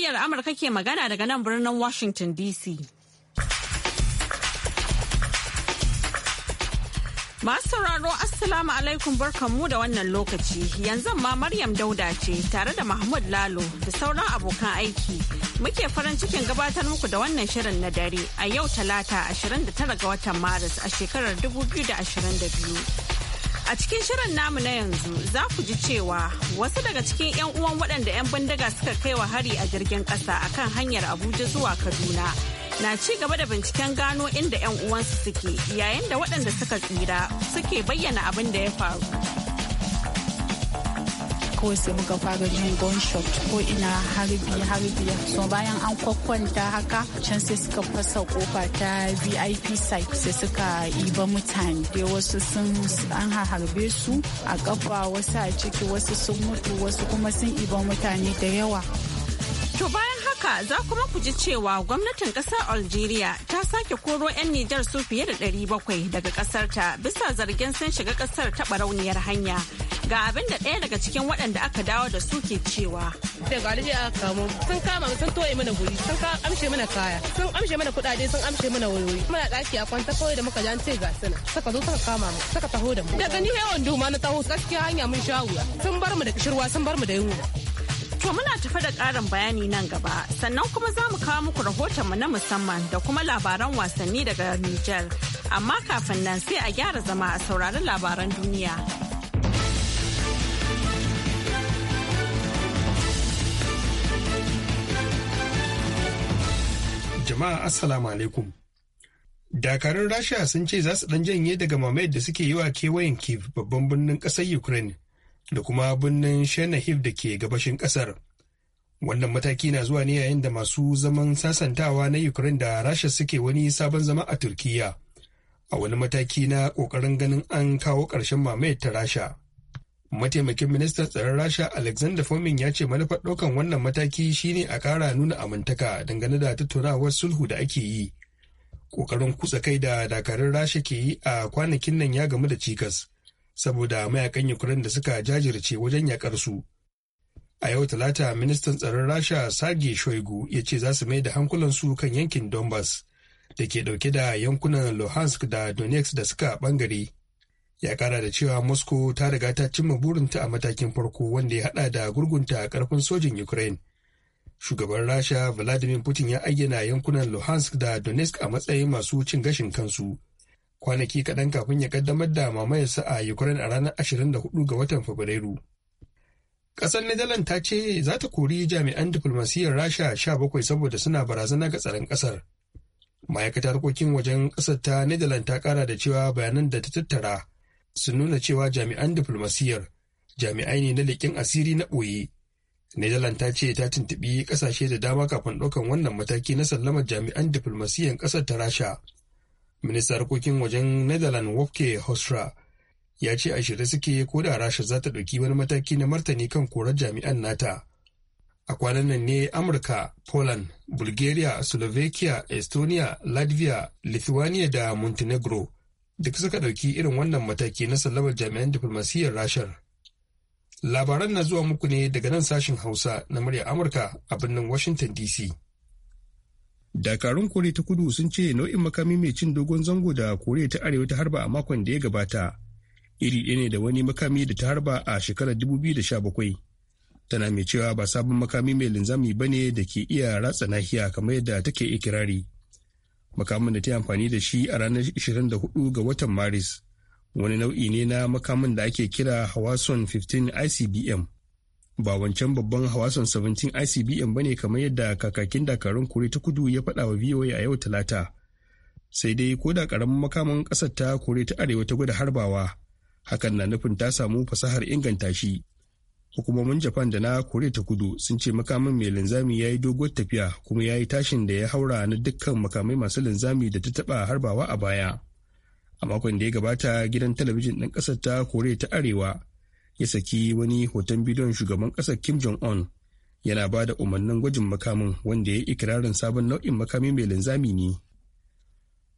muryar Amurka ke magana daga nan birnin Washington DC. Masu sauraro Assalamu alaikum barkanmu da wannan lokaci yanzu ma Maryam Dauda ce tare da Mahmud Lalo da sauran abokan aiki muke farin cikin gabatar muku da wannan shirin na dare a yau talata 29 ga watan Maris a shekarar 2022. A cikin shirin namu na yanzu za ku ji cewa wasu daga cikin 'yan uwan waɗanda 'yan bindiga suka kai wa hari a jirgin ƙasa akan hanyar Abuja zuwa Kaduna. Na ci gaba da binciken gano inda 'yan uwansu suke yayin da waɗanda suka tsira suke bayyana abin da ya faru. kawai sai muka fara jin gunshot ko ina har biyu so bayan an kwakwanta haka can sai suka fasa kofa ta vip site sai suka iba mutane dai wasu sun an harbe su a kafa wasu a ciki wasu sun mutu wasu kuma sun iba mutane da yawa to bayan haka za kuma ku ji cewa gwamnatin kasar algeria ta sake koro 'yan nijar su fiye da 700 daga kasar bisa zargin sun shiga kasar ta barauniyar hanya Ga abin da ɗaya daga cikin waɗanda aka dawo da su ke cewa. da galibi aka kamo sun kama mu sun toye mana guri sun amshe mana kaya sun amshe mana kuɗaɗe sun amshe mana wayoyi. Muna ɗaki a kwanta kawai da muka jance ga suna suka zo suka kama mu suka taho da mu. Daga ni yawan duma na taho gaskiya hanya mun sha wuya sun bar mu da kishirwa sun bar mu da yunwa. To muna tafi da ƙarin bayani nan gaba sannan kuma za mu kawo muku rahotonmu na musamman da kuma labaran wasanni daga Nijar. Amma kafin nan sai a gyara zama a sauraron labaran duniya. jama'a assalamu alaikum dakarun rasha sun ce za su dan janye daga mamayar da suke yi wa kewayen Kiv babban birnin ƙasar ukraine da kuma birnin shenahiv da ke gabashin ƙasar wannan mataki na zuwa ne yayin da masu zaman sasantawa na ukraine da rasha suke wani sabon zama a Turkiyya, a wani mataki na ƙoƙarin ganin an kawo ƙarshen mamayar ta rasha mataimakin ministan tsaron rasha alexander fomin ya ce manufar ɗaukan wannan mataki shine a ƙara nuna amintaka dangane da tattaunawar sulhu da ake yi ƙoƙarin kutsa kai da dakarun rasha ke yi a kwanakin nan ya gamu da cikas saboda mayakan ukraine da suka jajirce wajen yakar su a yau talata ministan tsaron rasha sage shoigu ya ce za su mai da hankulansu kan yankin donbass da ke dauke da yankunan luhansk da donetsk da suka ɓangare. ya kara da cewa moscow ta riga ta cimma burinta a matakin farko wanda ya hada da gurgunta karfin sojin ukraine shugaban rasha vladimir putin ya ayyana yankunan luhansk da donetsk a matsayin masu cin gashin kansu kwanaki kaɗan kafin ya kaddamar da mamayarsa a ukraine a ranar 24 ga watan fabrairu ƙasar netherlands ta ce za ta kori jami'an diflomasiyyar rasha 17 saboda suna barazana ga tsaron ƙasar ma'aikatar harkokin wajen ƙasar ta netherlands ta ƙara da cewa bayanan da ta tattara sun nuna cewa jami'an diflomasiyyar jami'ai ne na leƙen asiri na ɓoye. Netherlands ta ce ta tuntuɓi ƙasashe da dama kafin ɗaukan wannan mataki na sallamar jami'an diflomasiyyar ƙasar ta Rasha. Ministan harkokin wajen Netherlands wofke Hosra ya ce a shirye suke ko da Rasha za ta ɗauki wani mataki na martani kan korar jami'an nata. A kwanan nan ne Amurka, Poland, Bulgaria, Slovakia, Estonia, Latvia, Lithuania da Montenegro duk suka ɗauki irin wannan mataki na sallamar jami'an diflomasiyyar rashar labaran na zuwa muku ne daga nan sashen hausa na murya amurka a birnin washington dc dakarun koriya ta kudu sun ce nau'in makami mai cin dogon zango da koriya ta arewa ta harba a makon da ya gabata iri ɗaya ne da wani makami da ta harba a shekarar 2017 tana mai cewa ba sabon makami mai linzami ba ne da ke iya ratsa nahiya kamar yadda take ikirari makamin da ta yi amfani da shi a ranar 24 ga watan maris wani nau'i ne na makamin da ake kira hawason 15 icbm ba wancan babban hawason 17 icbm ne kamar yadda kakakin dakarun kore ta kudu ya faɗa wa voa a yau talata sai dai ko da ƙaramin makamin ƙasar ta kore ta arewa ta gwada harbawa hakan na nufin ta samu fasahar inganta shi hukumomin japan da na korea ta kudu sun ce makamin mai linzami ya yi doguwar tafiya kuma ya yi tashin da ya haura na dukkan makamai masu linzami da ta taba harbawa a baya a makon da ya gabata gidan talabijin ɗin ƙasar ta korea ta arewa ya saki wani hoton bidiyon shugaban ƙasar kim jong un yana ba da umarnin gwajin makamin wanda ya yi ikirarin sabon nau'in makami mai linzami ne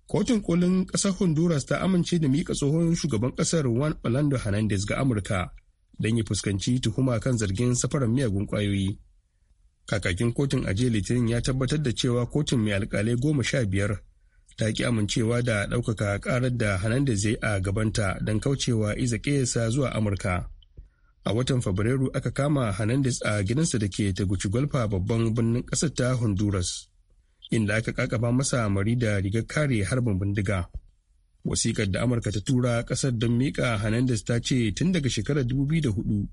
kotun kolin ƙasar honduras ta amince da miƙa tsohon shugaban ƙasar juan orlando hernandez ga amurka don ya fuskanci tuhuma kan zargin safaran miyagun kwayoyi. Kakakin kotun aje litinin ya tabbatar da cewa kotun mai alkalai goma sha biyar ta ki amincewa da ɗaukaka ƙarar da da zai a gabanta don kaucewa iza ƙesa zuwa Amurka. A watan Fabrairu aka kama Hernandez a gidansa da ke Tegucigalpa babban birnin ƙasar ta Honduras, inda aka ƙaƙaba masa mari da rigar kare harbin bindiga. wasikar da amurka ta tura kasar don mika hernandez ta ce tun daga shekarar 2004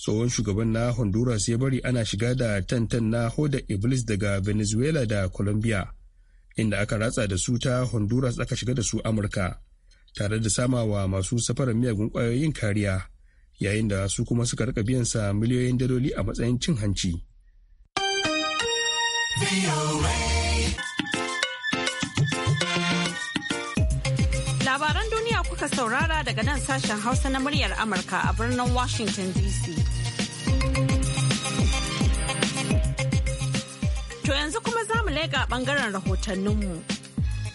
tsohon shugaban na honduras ya bari ana shiga da tantan na hoda iblis daga venezuela da colombia inda aka ratsa da su ta honduras aka shiga da su amurka tare da sama wa masu safarar miyagun kwayoyin kariya yayin da su kuma suka rika biyan sa miliyoyin daloli a matsayin cin hanci. kuka saurara daga nan sashen Hausa na muryar Amurka a birnin Washington DC. To yanzu kuma za mu lega ɓangaren rahotanninmu.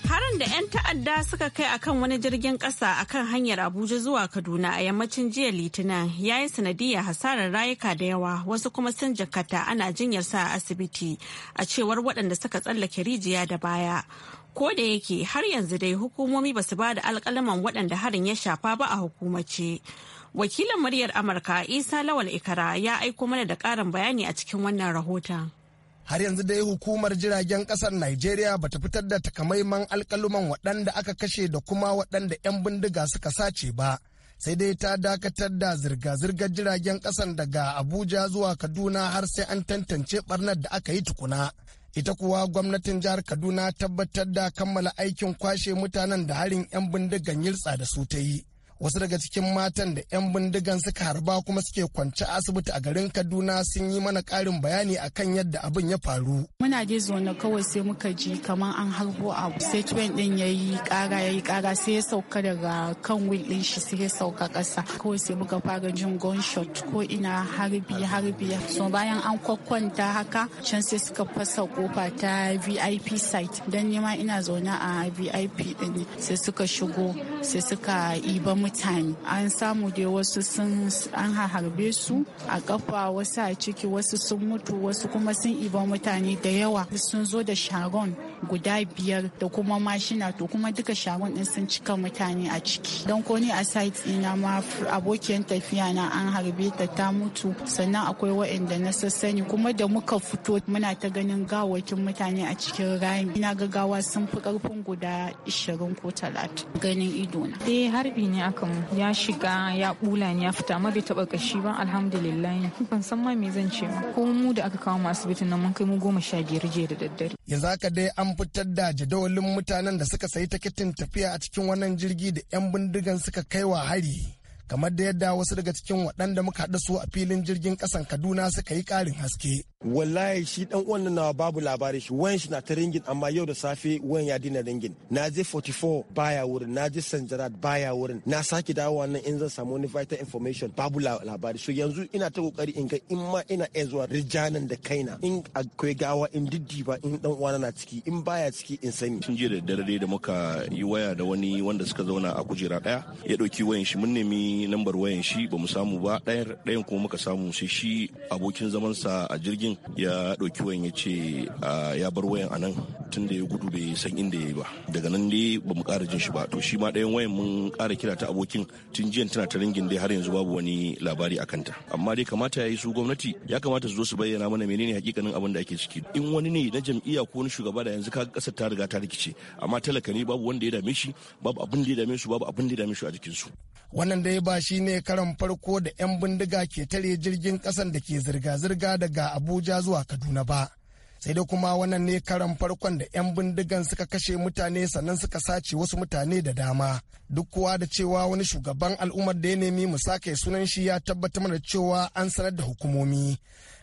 harin da 'yan ta'adda suka kai akan wani jirgin kasa akan hanyar abuja zuwa kaduna a yammacin jiya litinin ya yi sanadiyar hasarar rayuka da yawa wasu kuma sun jakata ana jinyar sa a asibiti a cewar waɗanda suka tsallake rijiya da baya ko da yake har yanzu dai hukumomi basu ba da alkalaman waɗanda harin ya shafa ba a hukumace wakilin muryar amurka isa lawal ikara ya aiko mana da ƙarin bayani a cikin wannan rahoton har yanzu dai hukumar jiragen kasar Najeriya ba ta fitar da takamaiman alkaluman waɗanda aka kashe da kuma waɗanda 'yan bindiga suka sace ba. Sai dai ta dakatar da zirga-zirgar jiragen kasar daga Abuja zuwa Kaduna har sai an tantance barnar da aka yi tukuna. Ita kuwa gwamnatin jihar Kaduna tabbatar da kammala aikin kwashe mutanen da harin 'yan bindigan yiltsa da su ta yi. wasu daga cikin matan da 'yan bindigan suka harba kuma suke kwance asibiti a garin kaduna sun yi mana karin bayani akan yadda abin ya faru muna dai zaune kawai sai muka ji kamar an harbo abu sai din ya yi kara ya yi kara sai ya sauka daga kan wil din shi sai ya sauka kasa kawai sai muka fara jin gunshot ko ina harbi harbi so bayan an kwakwanta haka can sai suka fasa kofa ta vip site don nima ina zaune a vip din sai suka shigo sai suka iba mu mutane an samu da wasu sun an harbe su a kafa wasu a ciki wasu sun mutu wasu kuma sun iba mutane da yawa sun zo da sharon guda biyar da kuma mashina to kuma duka sharon din sun cika mutane a ciki don ko a site ina ma abokiyar tafiya na an harbe ta ta mutu sannan akwai waɗanda na sassani kuma da muka fito muna ta ganin gawakin mutane a cikin rami ina gaggawa sun fi karfin guda 20 ko 30 ganin ido na eh, kam ya shiga ya bula ni ya fita amma bai taba kashi ba alhamdulillah ban san ma me zan ce ma ko mu da aka kawo mu asibitin nan mun kai mu goma sha biyar jiya da daddare yanzu haka dai an fitar da jadawalin mutanen da suka sayi tikitin tafiya a cikin wannan jirgi da yan bindigan suka kai wa hari kamar da yadda wasu daga cikin waɗanda muka haɗu su a filin jirgin ƙasan kaduna suka yi ƙarin haske wallahi shi dan uwan nan nawa babu labari shi wayan shi na ta ringin amma yau da safe wayan ya dina ringin na je 44 baya wurin na je sanjarat baya wurin na sake dawowa nan in zan samu wani vital information babu labari so yanzu ina ta kokari in ga in ma ina iya zuwa rijanan da kaina in akwai gawa in diddi ba in dan uwana na ciki in baya ciki in sani sun jiya da dare da muka yi waya da wani wanda suka zauna a kujera daya ya dauki wayan shi mun nemi lambar wayan shi bamu samu ba ɗayan kuma muka samu sai shi abokin zamansa a jirgin jirgin ya ɗauki wayan ya ce ah, ya bar wayan a nan tun da ya gudu bai san inda ya yi ba daga nan dai ba mu ƙara jin shi ba to shi ma ɗayan wayan mun kara kira ta abokin tun jiya tana ta ringin dai har yanzu babu wani labari a kanta amma dai kamata ya yi su gwamnati ya kamata su zo su bayyana mana menene hakikanin abin da ake ciki in wani ne na jam'iyya ko wani shugaba da yanzu kaga ƙasar ta riga ta rikice amma talaka ne babu wanda ya dame shi babu abin da ya dame su babu abin da ya dame shi a jikinsu wannan dai ba shi ne karan farko da 'yan bindiga ke tare jirgin kasan da ke zirga-zirga daga abu Abuja zuwa Kaduna ba. Sai dai kuma wannan ne karan farkon da 'yan bindigan suka kashe mutane sannan suka sace wasu mutane da dama. Duk kuwa da cewa wani shugaban al'ummar da ya nemi mu sake sunan shi ya tabbatar mana cewa an sanar da hukumomi.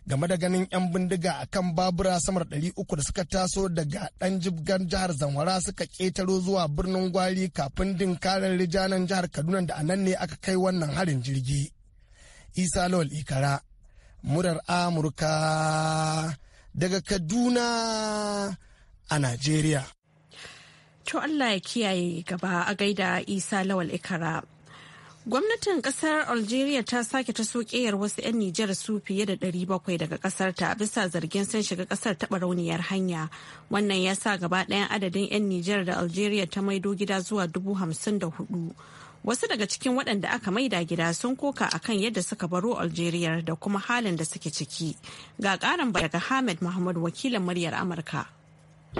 game da ganin 'yan bindiga a kan babura samar uku da suka taso daga ɗan jibgan jihar zamwara suka ƙetaro zuwa birnin gwari kafin dinkarar rijanan jihar kaduna da anan ne aka kai wannan harin jirgi isa lawal ikara murar Amurka daga Kaduna a Najeriya. To Allah ya kiyaye gaba a gaida Isa Lawal Ikara. Gwamnatin kasar Algeria ta sake ta sokeyar wasu 'yan Nijar su fiye da 700 daga kasar ta bisa zargin sun shiga kasar taɓa rauniyar hanya. Wannan ya sa gaba ɗayan adadin 'yan Nijar da Algeria ta maido gida zuwa dubu hamsin da hudu. Wasu daga cikin waɗanda aka maida gida sun koka akan yadda suka baro Algeria da kuma halin da suke ciki. Ga ƙarin daga Ahmed Muhammad wakilin muryar Amurka.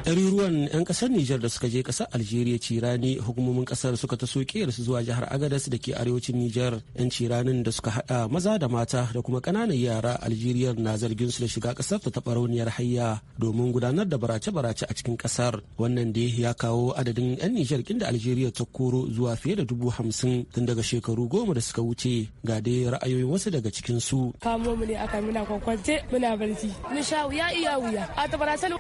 ɗaruruwan 'yan ƙasar Nijar da suka je ƙasar Algeria cirani hukumomin ƙasar suka ta su zuwa jihar Agadas da ke arewacin Nijar. 'Yan ciranin da suka haɗa maza da mata da kuma ƙananan yara Algeria na zargin su da shiga ƙasar ta taɓarauniyar hayya domin gudanar da barace-barace a cikin ƙasar. Wannan da ya kawo adadin 'yan Nijar kin da Algeria ta koro zuwa fiye da dubu hamsin tun daga shekaru goma da suka wuce. Ga dai ra'ayoyin wasu daga cikin su. Kamo mu ne aka muna kwakwance muna barci. sha iya wuya. A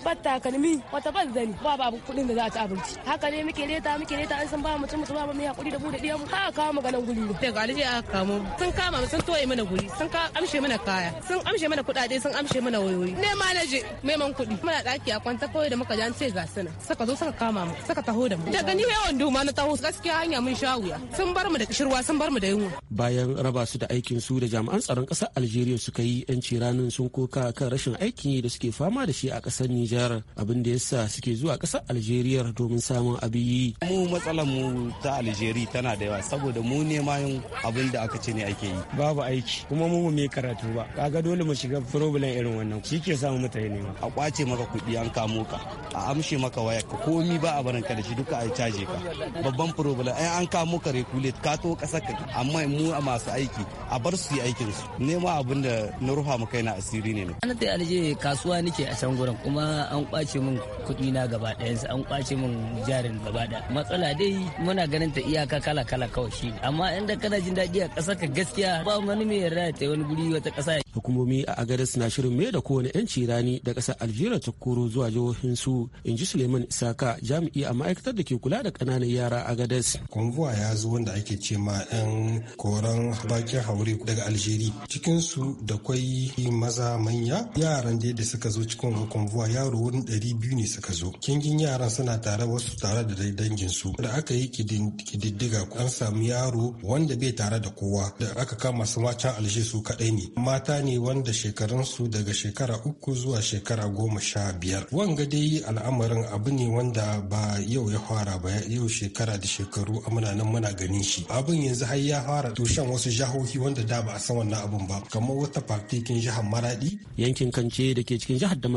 batta kalmi wata ta ban zani ba babu kuɗin da za ta abinci haka ne muke leta muke leta an san ba mutum mutum ba mu ya kuɗi da mu da diyan mu ha kawo mu ganin guri da galibi aka kamo sun kama mu sun toye mana guri sun ka amshe mana kaya sun amshe mana kuɗaɗe sun amshe mana wayoyi ne ma na je man kuɗi muna ɗaki a kwanta kawai da muka ji an ce ga suna saka zo saka kama mu saka taho da mu daga ni yawan duma na taho gaskiya hanya mun sha wuya sun bar mu da kishirwa sun bar mu da yunwa bayan raba su da aikin su da jami'an tsaron ƙasar Algeria suka yi 'yanci ranan sun koka kan rashin aikin yi da suke fama da shi a ƙasar Nijar abin da ya sa Faransa suke zuwa ƙasar algeria domin samun abin yi. mu matsalar mu ta algeria tana da yawa saboda mu nema yin abin da aka ce ne ake yi babu aiki kuma mu mai karatu ba kaga dole mu shiga problem irin wannan shi ke samu mutane nema a kwace maka kuɗi an kamo ka a amshe maka waya ka komi ba a barin ka da shi duka a caje ka babban problem ai an kamo ka regulate ka to ƙasar ka amma mu a masu aiki a bar su yi aikin su nema abin da na rufa mu na asiri ne a Ana ta alje kasuwa nake a can gurin kuma an kwace min kuɗi na gaba ɗayansu an kwace min jarin gaba ɗaya matsala dai muna ganin ta iyaka kala kala kawai shi amma inda kana jin daɗi a ƙasar ka gaskiya ba wani mai yarda ta wani guri wata ƙasa hukumomi a agada na shirin mai da kowane 'yanci rani da kasa algeria ta koro zuwa su in ji suleiman isaka jami'i a ma'aikatar da ke kula da ƙananan yara a agadas konvuwa ya zo wanda ake ce ma 'yan koran bakin haure daga algeria cikinsu da kwai maza manya yaran da suka zo cikin konvuwa yaro wurin ɗari biyu ne suka zo kingin yaran suna tare wasu tare da dangin su da aka yi kididdiga an samu yaro wanda bai tare da kowa da aka kama su ma can alshe su kaɗai ne mata ne wanda shekarunsu daga shekara uku zuwa shekara goma sha biyar wanga dai al'amarin abu ne wanda ba yau ya fara ba yau shekara da shekaru muna nan muna ganin shi abin yanzu har ya fara tushen wasu jihohi wanda da ba a san wannan abin ba kamar wata fafikin jihar maradi yankin kance da ke cikin jihar da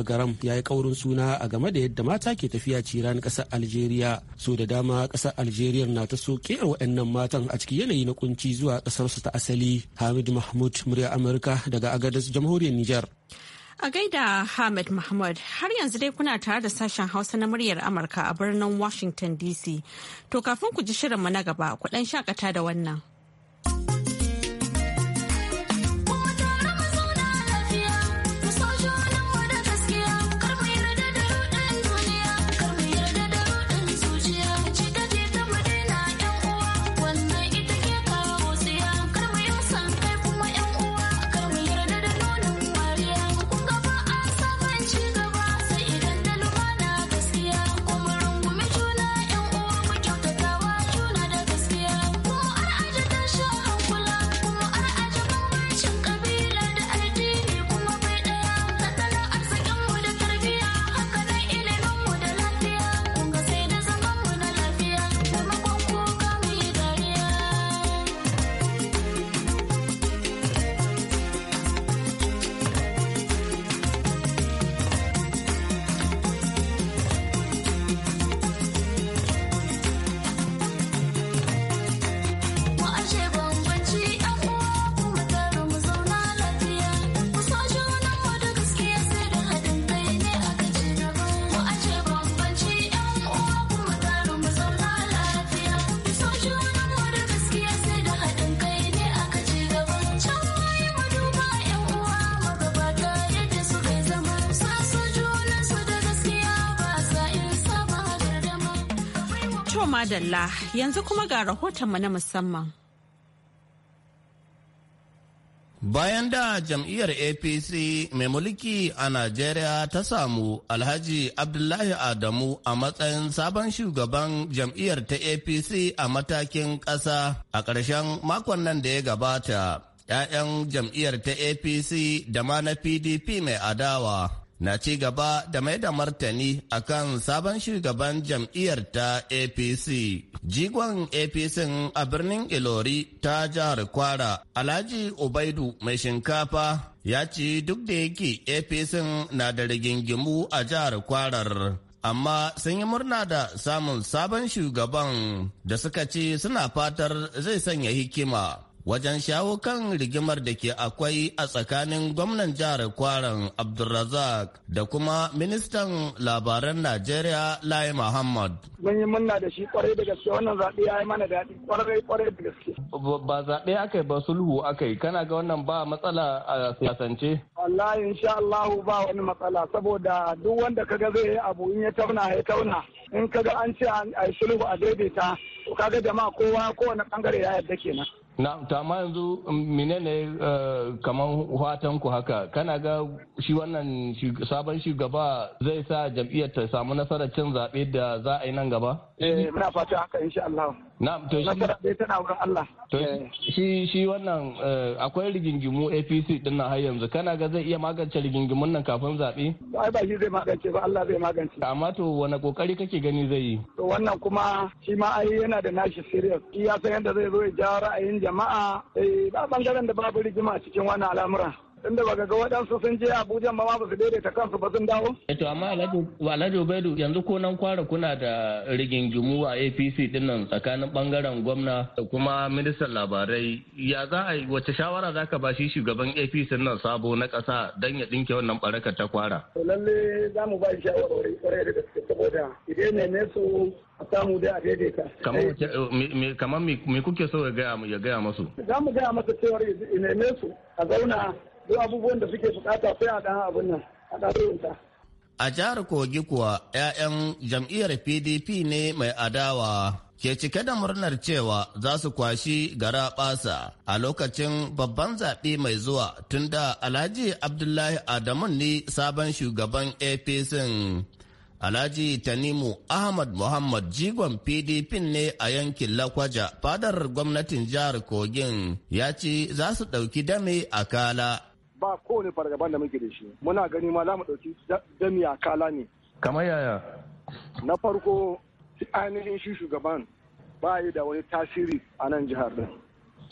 ya yi kaurin suna a game da yadda mata ke tafiya ciran kasar algeria so da dama kasar algeria na ta so kera waɗannan matan a cikin yanayi na kunci zuwa ƙasarsu ta asali hamid mahmud murya amurka daga Agadez, jamhuriyar Nijar. A gaida Hamid Mahmud har yanzu dai kuna tare da sashen Hausa na muryar Amurka a birnin Washington DC. To kafin ku ji shirinmu na gaba, ku ɗan shakata da wannan. madalla yanzu kuma ga rahotonmu na musamman. Bayan da jam'iyyar APC mai mulki a Najeriya ta samu Alhaji Abdullahi Adamu a matsayin sabon shugaban jam'iyyar ta APC a matakin ƙasa a ƙarshen makon nan da ya gabata, 'ya'yan jam'iyyar ta APC da ma na PDP mai adawa na ci gaba da mai da martani a kan sabon shugaban jam'iyyar ta apc jigon apc a birnin ilori ta jihar kwara alhaji ubaidu mai shinkafa ya ci duk da yake apc na da rigingimu a jihar kwarar amma sun yi murna da samun sabon shugaban da suka ce suna fatar zai sanya hikima wajen shawo kan rigimar da ke akwai a tsakanin gwamnan jihar kwaran abdulrazak da kuma ministan labaran najeriya lai muhammad mun yi munna da shi kwarai da gaske wannan zaɓe ya yi mana daɗi kwarai kwarai da gaske ba zaɓe aka yi ba sulhu aka yi kana ga wannan ba matsala a siyasance wallahi insha Allah ba wani matsala saboda duk wanda kaga zai yi abu in ya tauna ya tauna in kaga an ce a sulhu a daidaita to kaga jama'a kowa kowane bangare ya yarda kenan na amma yanzu um, menene uh, kamar fatan ku haka kana ga shi wannan sabon shugaba zai sa jam'iyyar ta samu nasarar cin zaɓe da za a yi nan gaba? Eh muna fata haka insha Allah. Na'am to shi tana Allah to shi wannan eh, akwai rigingimu APC din nan har yanzu kana ga zai iya magance rigingimun nan kafin zabe ai ba shi zai magance ba Allah zai magance amma to wani kokari kake gani zai yi to wannan kuma shi ma ai yana da nashi serious shi ya san yadda zai zo ya ja ra'ayin jama'a eh ba bangaren da babu rigima cikin wannan al'amura inda ba ga waɗansu sun je Abuja ma ba su daidaita kansu ba sun dawo. eto eh, amma Alhaji Ubaidu yanzu ko nan kwara kuna da rigingimu a APC dinnan tsakanin bangaren gwamna da kuma ministan labarai ya za a yi wace shawara za ka ba shi shugaban APC nan sabo na ƙasa don ya ɗinke wannan ɓarakar ta kwara. To lalle za mu ba shi shawarwari kwarai da gaske saboda idan ne su a samu dai a daidaita. Kamar me kuke so ya gaya masu? Za mu gaya masa cewar ne neme su a zauna duk abubuwan da suke bukata sai a abin nan a A jihar Kogi kuwa 'ya'yan jam'iyyar PDP ne mai adawa ke cike da murnar cewa za su kwashi gara basa a lokacin babban zaɓe mai zuwa tunda Alhaji Abdullahi Adamu ne sabon shugaban APC. Alhaji Tanimu Ahmad Muhammad jigon PDP ne a yankin Lakwaja fadar gwamnatin jihar Kogin ya ce za su ɗauki dame a kala ba kowane fargaban da muke da shi muna gani ma za mu ɗauki jami'a kala ne kamar yaya na farko ainihin shi shugaban ba yi da wani tasiri a nan jihar din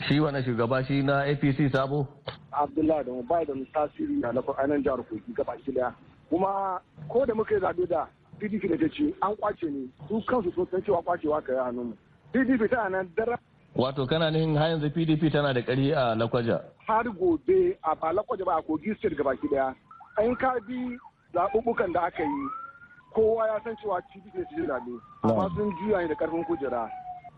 shi wani shugaba shi na apc sabo abdullahi da ba yi da wani tasiri a ainihin jihar kogi gaba daya kuma ko da muka yi zaɓe da pdp da ta ce an kwace ne su kansu sun san cewa kwacewa ka yi mu. pdp ta nan dara Wato kana nihin har yanzu PDP tana da ƙari a Lakwaja. Har gobe a ba Lakwaja ba a Kogi State gabaki daya. An ka bi zaɓuɓɓukan da aka yi kowa ya san cewa PDP su jira ne. Amma sun juya da ƙarfin kujera.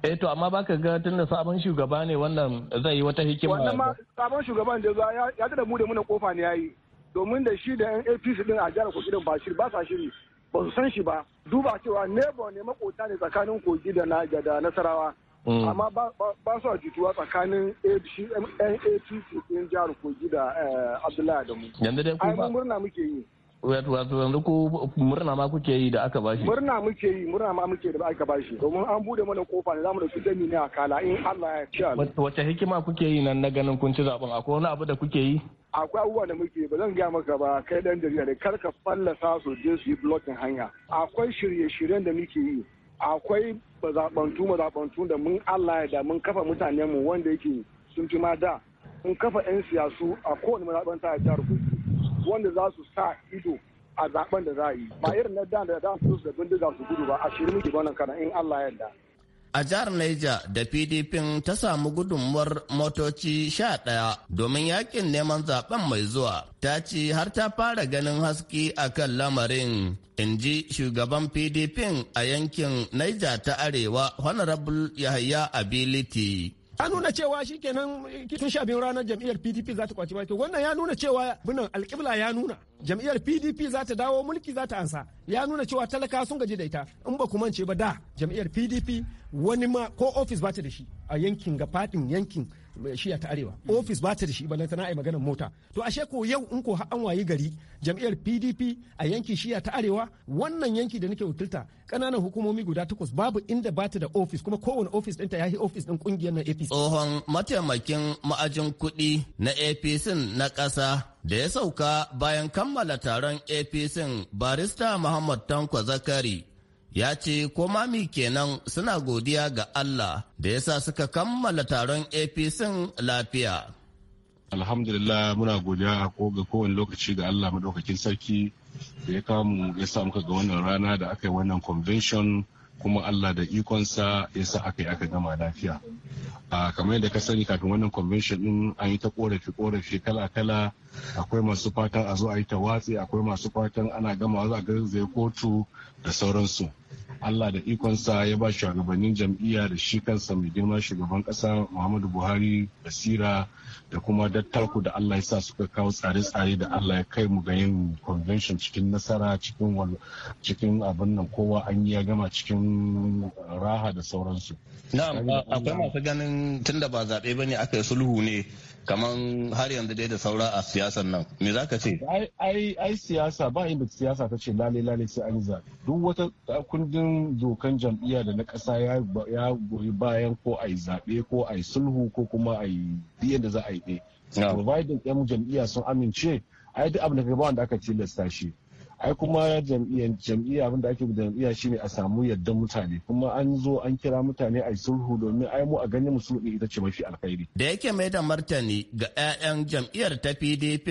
Eh to amma baka ga tun da sabon shugaba ne wannan zai yi wata hikima. Wannan ma sabon shugaban da za ya da mu da muna kofa ne yayi. Domin da shi da yan APC din a jihar Kogi din ba shi ba sa shiri. Ba su san shi ba. Duba cewa nebo ne makota ne tsakanin Kogi da na da Nasarawa. Mm. amma ba a jituwa tsakanin apc in jihar kogi da eh, abdullahi adamu yanzu dai kuma. ba murna muke yi wato yanzu ku murna ma kuke yi da aka bashi murna muke yi murna ma muke da aka bashi domin an bude mana kofa ne zamu dauki dami ne a kala in Allah ya ci wace hikima kuke yi nan na ganin kun ci zaben akwai wani abu da kuke yi akwai abubuwa da muke ba zan gaya maka ba kai dan jarida ne kar ka fallasa su je su yi blocking hanya akwai shirye-shiryen da muke yi akwai mazaɓantu mazaɓantu da mun allah ya da mun kafa mutane mu wanda yake sun fi ma da mun kafa 'yan siyasu a kowane mazaɓanta a jihar kogi wanda za su sa ido a zaɓen da za a yi ba irin na da da da su da bindiga su gudu ba a shirin muke wannan kana in allah ya da. a jihar Niger da PDP ta samu gudunmuwar motoci sha ɗaya domin yakin neman zaben mai zuwa. Ta ce har ta fara ganin haske a kan lamarin, in ji shugaban PDP a yankin Niger ta Arewa Honorable Yahaya Ability. ta nuna cewa shikenan eh, tun sha biyu ranar jam'iyyar pdp za ta kwaci baki wannan ya nuna cewa binan alƙibla ya nuna jam'iyyar pdp za ta dawo mulki za ta ansa ya nuna cewa talaka sun gaji da ita in ba ku ce ba da jam'iyyar pdp wani ma ko ofis ba ta da shi a yankin ga fadin yankin shiya ta arewa ofis ba ta da shi ba tana yi maganar mota to ashe ko yau in ko an wayi gari jam'iyyar PDP a yanki shiya ta arewa wannan yanki da nake wakilta kananan hukumomi guda takwas babu inda ba ta da ofis kuma kowane ofis ɗinta ya yi ofis ɗin kungiyar na APC tsohon mataimakin ma'ajin kuɗi na APC na ƙasa da ya sauka bayan kammala taron APC barista Muhammad Tanko Zakari ya ce ko mami kenan suna godiya ga Allah da yasa suka kammala taron APC lafiya. Alhamdulillah muna godiya ga kowane lokaci ga Allah madaukakin sarki da ya kamu ya sa muka ga wannan rana da aka yi wannan convention kuma allah da ikonsa ya sa aka yi aka gama lafiya a kamar yadda ka sani kafin wannan convention din an yi ta korafi korafi kala kala akwai masu fatan a zo a yi ta watsi akwai masu fatan ana gama za a garzaya kotu da sauransu Allah da ikonsa ya ba shugabannin jam'iyya da shi kansa mai girma shugaban kasa Muhammadu Buhari basira da kuma dattarku da Allah ya sa suka kawo tsare-tsare da Allah ya kai mu ga yin convention cikin nasara cikin cikin abin nan kowa an yi ya gama cikin raha da sauransu. Na'am akwai masu ganin tunda ba zaɓe bane aka yi sulhu ne kamar har yanzu dai da saura a siyasar nan me za ka ce ai siyasa ba inda siyasa ta ce lale lale sai an zaɓe duk wata kundin dokan jam'iyya da na kasa ya goyi bayan ko a yi zaɓe ko a yi sulhu ko kuma a yi biyan da za a yi ɗaya provided yan jam'iyya sun amince ai duk abu da ka ba wanda aka tilasta shi ai kuma jam'iyyar jam'iyya abinda ake jam'iyya shine a samu yaddan mutane kuma an zo an kira mutane a sulhu domin ai mu a ganin mu sulhu ita ce mafi alkhairi da yake mai da martani ga 'ya'yan jam'iyyar ta PDP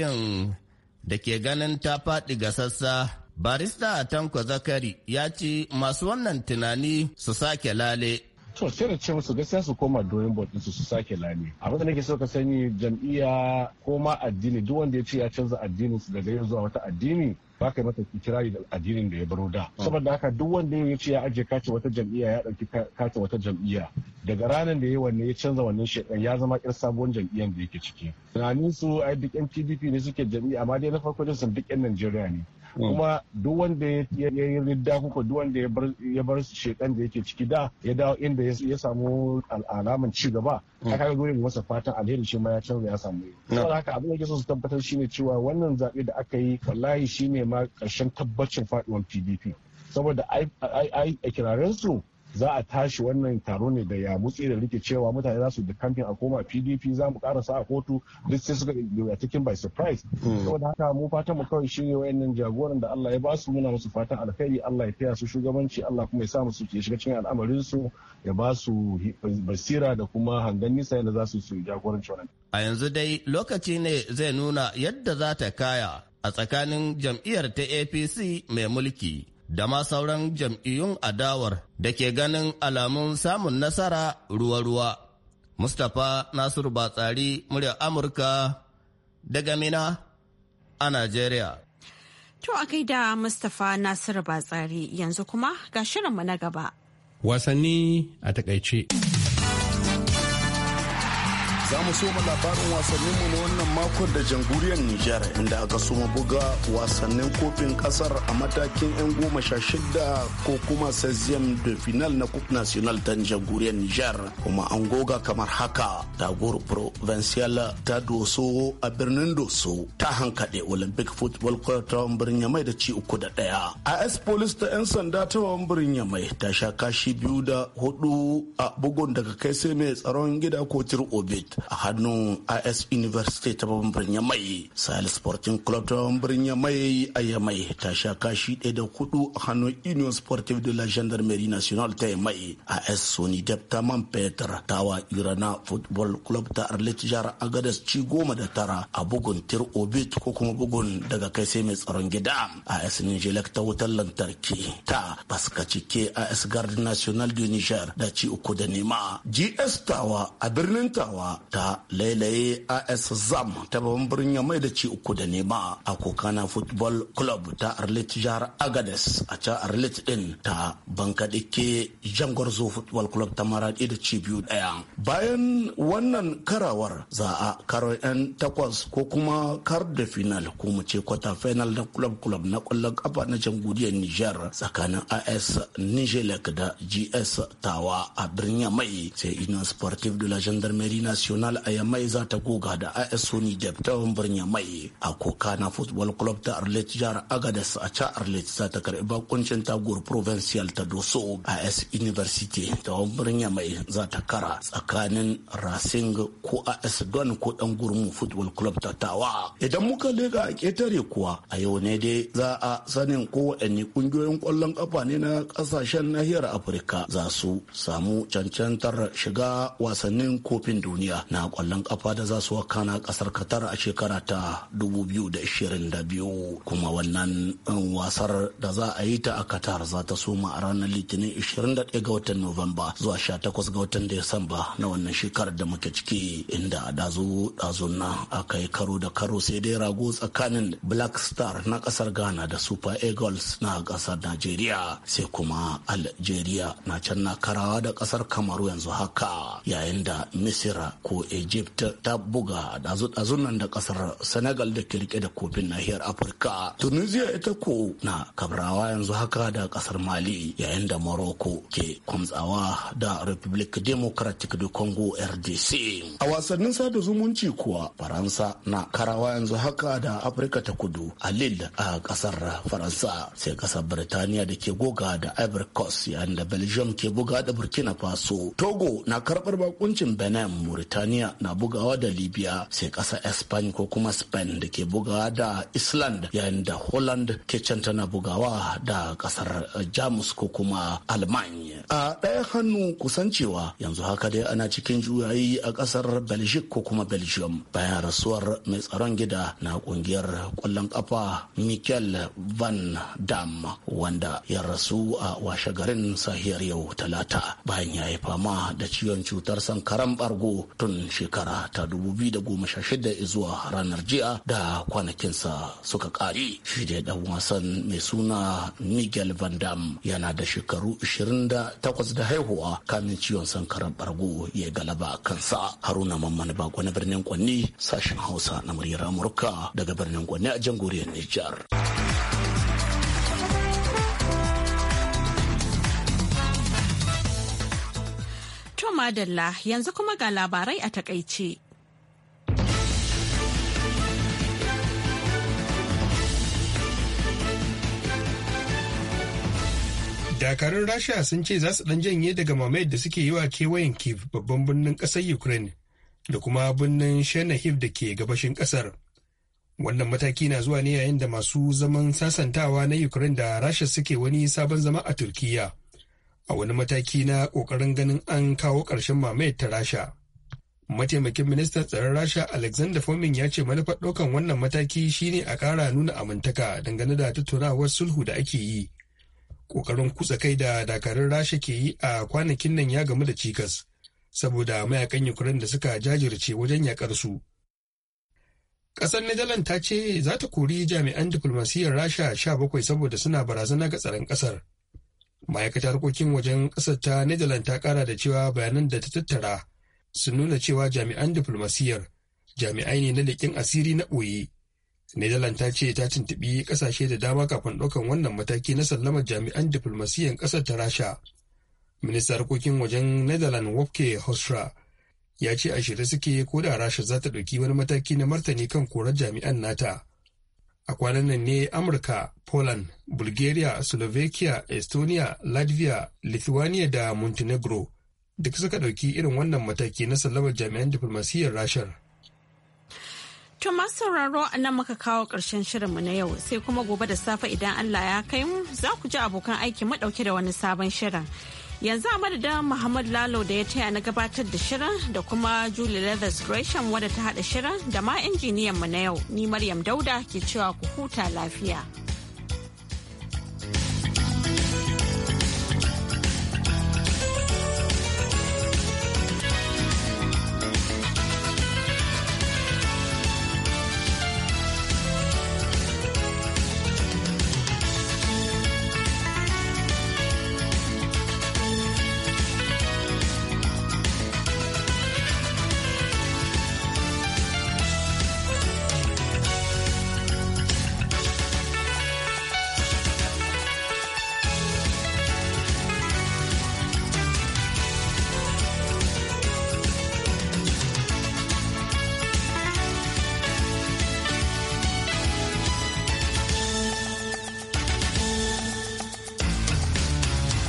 da ke ganin ta faɗi ga sassa barista tanko zakari ya ce masu wannan tunani su sake lale to sai da ce musu gaskiya su koma doyin board su su sake lale abin da nake so ka sani jam'iyya ko ma addini duk wanda ya ce ya canza addinin su daga yau zuwa wata addini ba ka yi mata kirari da addinin da ya baro da hmm. saboda haka duk wanda ya ce ya ajiye kace wata jam'iyya ya dauki kace wata jam'iyya daga ranar da ya wanne ya canza wannan shekan ya zama kir sabon jam'iyyar da yake ciki tunanin su ai duk yan PDP ne suke jam'iyya amma dai na farko dai sun duk yan Najeriya ne Mm. kuma duk wanda ya yi ridda kuka duk wanda ya bar shekan da yake ciki da ya dawo inda ya samu alamun ci gaba mm. a kaga gurin masa fatan alheri shi ma ya canza ya samu yi saboda haka abin da yake so su tabbatar shine cewa wannan zaɓe da aka yi wallahi shine ma ƙarshen tabbacin faɗuwar pdp saboda a kirarin su za a tashi wannan taro ne da ya mutse da cewa mutane za su da kamfin a koma pdp za mu sa a kotu duk sai suka a cikin by surprise hmm. saboda haka mu fatan mu kawai shirye wa wayannan jagoran da Allah ya ba su muna musu fatan alkhairi Allah ya taya su shugabanci Allah kuma ya sa musu ya shiga cikin al'amarin su ya ba su basira da kuma hangen nisa yadda za su su jagoranci wannan a yanzu dai lokaci ne zai nuna yadda za ta kaya a tsakanin jam'iyyar ta APC mai mulki da ma sauran jam'iyyun adawar da ke ganin alamun samun nasara ruwa-ruwa. Mustapha Nasiru Batsari muryar Amurka daga Mina a Najeriya. To a kai da Mustapha Nasiru Batsari yanzu kuma ga shirinmu na gaba. Wasanni a takaice. za mu soma labarin wasannin mu na wannan makon da jamhuriyar Nijar inda aka soma buga wasannin kofin kasar a matakin 'yan goma sha shida ko kuma seziyam da final na Cup National ta jamhuriyar Nijar kuma an goga kamar haka taguwar Provincial ta doso a birnin doso ta hankaɗe Olympic Football Club ta birnin Yamai da ci uku da daya? a AS Police ta 'yan sanda ta birnin Yamai ta sha kashi biyu da hudu a bugun daga kai sai mai tsaron gida ko Obit. a hannun s university ta babban birnin mai sahel sporting club ta babban birnin a yamai ta sha kashi ɗaya da hudu a hannun union sportive de la gendarmerie nationale ta yamai AS sony dep ta man peter tawa irana football club ta arlet jihar agadas ci goma da tara a bugun tir obit ko kuma bugun daga kai sai mai tsaron gida AS nijelek ta wutar lantarki ta baska cike s garde national de niger da ci uku da nema gs tawa a birnin tawa ta lailaye as zam ta babban birnin ya mai da ci uku da nema a kokana football club ta arlit jihar agades a can arlit din ta bankaɗike zo football club ta maraɗi da ci biyu ɗaya bayan wannan karawar za a karo 'yan takwas ko kuma kar da final ko mu ce kwata final na club club na kwallon kafa na jamhuriyar niger tsakanin as nigelec da gs tawa a birnin mai sai union sportive de la gendarmerie nationale national a yamai za ta goga da as sony jab ta birnin mai a kokana football club ta arlet jihar agadas a ca arlet za ta karbi bakuncin taguwar provincial ta doso as university ta birnin mai za ta kara tsakanin racing ko as don ko dan gurmu football club ta tawa idan muka lega a ketare kuwa a yau ne dai za a sanin ko kowaɗanne kungiyoyin kwallon kafa ne na kasashen nahiyar afirka za su samu cancantar shiga wasannin kofin duniya na kwallon kafa da za su wakana kasar Qatar a shekara ta 2022 kuma wannan um, wasar da za a yi ta a Qatar za ta soma a ranar Litinin 21 ga watan Nuwamba zuwa 18 ga watan Disamba na wannan shekarar da muke ciki inda a dazu dazun na aka yi karo da karo sai dai rago tsakanin Black Star na kasar Ghana da Super Eagles na kasar Najeriya sai kuma Algeria na can na karawa da kasar Kamaru yanzu haka yayin da Misira ko egypt ta buga ɗazu-ɗazun nan da ƙasar senegal da ke rike da kofin nahiyar afirka tunisia ita ko na kabrawa yanzu haka da ƙasar mali yayin da morocco ke kwamtsawa da republic democratic du congo rdc a wasannin sada zumunci kuwa faransa na karawa yanzu haka da afirka ta kudu a lille a ƙasar faransa sai ƙasar birtaniya da ke goga da ivory coast yayin da belgium ke buga da burkina faso togo na karɓar bakuncin benin mauritania Birtaniya na bugawa da Libya sai ƙasa Spain ko kuma Spain da ke bugawa da Island yayin da Holland ke can tana bugawa da ƙasar eh, Jamus ko kuma Almanya. A ɗaya hannu kusancewa yanzu haka dai ana cikin juyayi a ƙasar Belgium ko kuma Belgium bayan rasuwar mai tsaron gida na ƙungiyar ƙwallon ƙafa Mikel Van Dam wanda ya rasu a washe garin sahiyar yau talata bayan ya yi fama da ciwon cutar sankaran bargo tun shekara ta 2016 zuwa ranar jiya da kwanakinsa suka kare shi da dan wasan mai suna miguel van dam yana da shekaru 28 da haihuwa kamin ciwon sankarar bargo ya galaba kansa haruna mamman bako na birnin kwanni sashen hausa na muryar amurka daga birnin kwanni a jamhuriyar nijar madalla yanzu kuma ga labarai a takaice. dakarun rasha sun ce za su dan janye daga mamayar da suke yi wa kewayen kiev babban birnin ƙasar ukraine da kuma birnin chernihiv da ke gabashin ƙasar wannan mataki na zuwa ne yayin da masu zaman sasantawa na ukraine da rasha suke wani sabon zama a Turkiyya. a wani mataki na ƙoƙarin ganin an kawo ƙarshen mamayar ta rasha mataimakin ministan tsaron rasha alexander fomin ya ce manufar ɗaukan wannan mataki shine a ƙara nuna amintaka dangane da tattaunawar sulhu da ake yi ƙoƙarin kutsa kai da dakarun rasha ke yi a kwanakin nan ya gamu da cikas saboda mayakan ukraine da suka jajirce wajen yakar su ƙasar nijalan ta ce za ta kori jami'an diflomasiyyar rasha sha bakwai saboda suna barazana ga tsaron ƙasar ma'aikatar harkokin wajen ƙasar ta netherlands ta kara da cewa bayanan da ta tattara sun nuna cewa jami'an diflomasiyyar jami'ai ne na leƙen asiri na ɓoye netherlands ta ce ta tuntuɓi ƙasashe da dama kafin ɗaukan wannan mataki na sallamar jami'an diflomasiyyar ƙasar ta rasha ministan harkokin wajen netherlands wofke hosra ya ce a shirye suke ko da rasha za ta ɗauki wani mataki na martani kan korar jami'an nata a kwanan nan ne amurka poland bulgaria slovakia estonia latvia lithuania da montenegro duk suka ɗauki irin wannan mataki na sallamar jami'an diflomasiyyar rashar To masu sauraro a nan muka kawo ƙarshen shirinmu na yau sai kuma gobe da safe idan Allah ya kai mu za ku ji abokan aiki mu madauke da wani sabon shirin. yanzu a madadin muhammad lalo da ya taya na gabatar da shirin da kuma julie leathers gresham wadda ta haɗa shirin da ma injiniyan mu na yau ni maryam dauda ke cewa ku huta lafiya